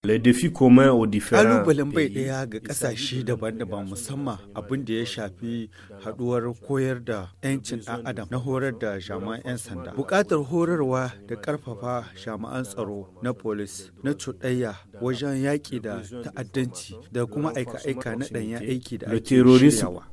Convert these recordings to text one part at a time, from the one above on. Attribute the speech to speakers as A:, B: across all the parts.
A: Ƙalubalen bai ɗaya ga ƙasashe daban-daban musamman abin da ya shafi haɗuwar koyar da 'yancin dan adam na horar da jami'an 'yan sanda. Buƙatar horarwa da ƙarfafa jami'an tsaro na polis na cuɗayya wajen yaƙi da ta'addanci da kuma aika-aika na ɗanya aiki da ake shiryawa.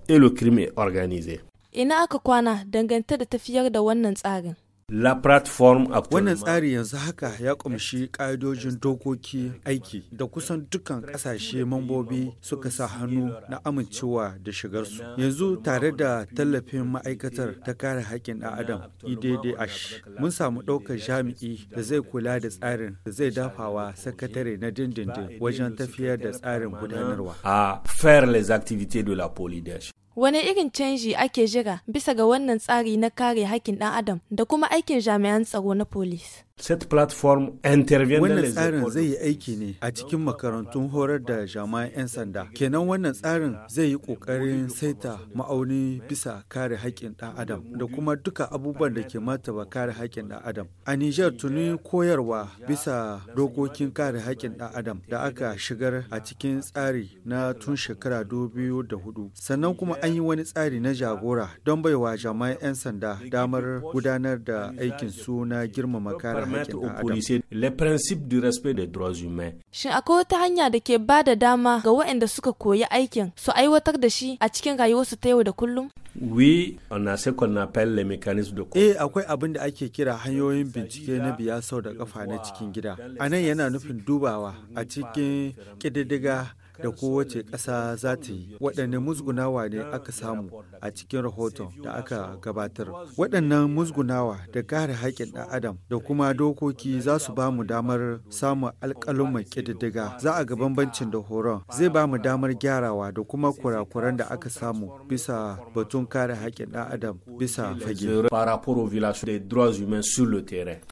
B: Ina aka kwana dangante da tafiyar da wannan tsarin.
A: La platform Wannan tsari yanzu haka ya kumshi ƙa'idojin dokoki aiki da kusan dukkan ƙasashe mambobi suka sa hannu na amincewa da shigarsu. Yanzu tare da tallafin ma'aikatar ta kare haƙƙin ɗan adam IDDH e mun samu ɗaukar jami'i da zai kula da tsarin da zai dafawa sakatare na dindindin wajen tafiyar da tsarin gudanarwa. A faire les activités de la
B: Wane irin canji ake jira bisa ga wannan tsari na kare hakkin ɗan adam da kuma aikin jami'an tsaro na polis?
A: set platform intervene wannan tsarin zai yi aiki ne a cikin makarantun horar da jama'an 'yan sanda kenan wannan tsarin zai yi kokarin saita ma'auni bisa kare haƙƙin ɗan adam da kuma duka abubuwan da ke ba kare haƙƙin ɗan adam a niger tuni koyarwa bisa dokokin kare haƙƙin ɗan adam da aka shigar a cikin tsari na tun shekara da hudu sannan kuma an yi wani tsari na jagora don baiwa jama'an 'yan sanda damar gudanar da aikin su na girmama kare permettre aux policiers les principes du respect des droits humains.
B: Shin akwai wata hanya da ke ba da dama ga waɗanda suka koyi aikin su aiwatar da shi a cikin rayuwarsu ta yau da kullum?
A: Oui, on a ce qu'on appelle les mécanismes de Eh, akwai abin da ake kira hanyoyin bincike na biya sau da kafa na cikin gida. A nan yana nufin dubawa a cikin ƙididdiga da kowace ƙasa za ta yi waɗanne musgunawa ne aka samu a cikin rahoton da aka gabatar waɗannan musgunawa da kare haƙƙin ɗan adam da kuma dokoki za su ba mu damar samun mai ƙididdiga za a ga bambancin da horon zai ba mu damar gyarawa da kuma kurakuran da aka samu bisa batun kare haƙƙin ɗan adam bisa fage.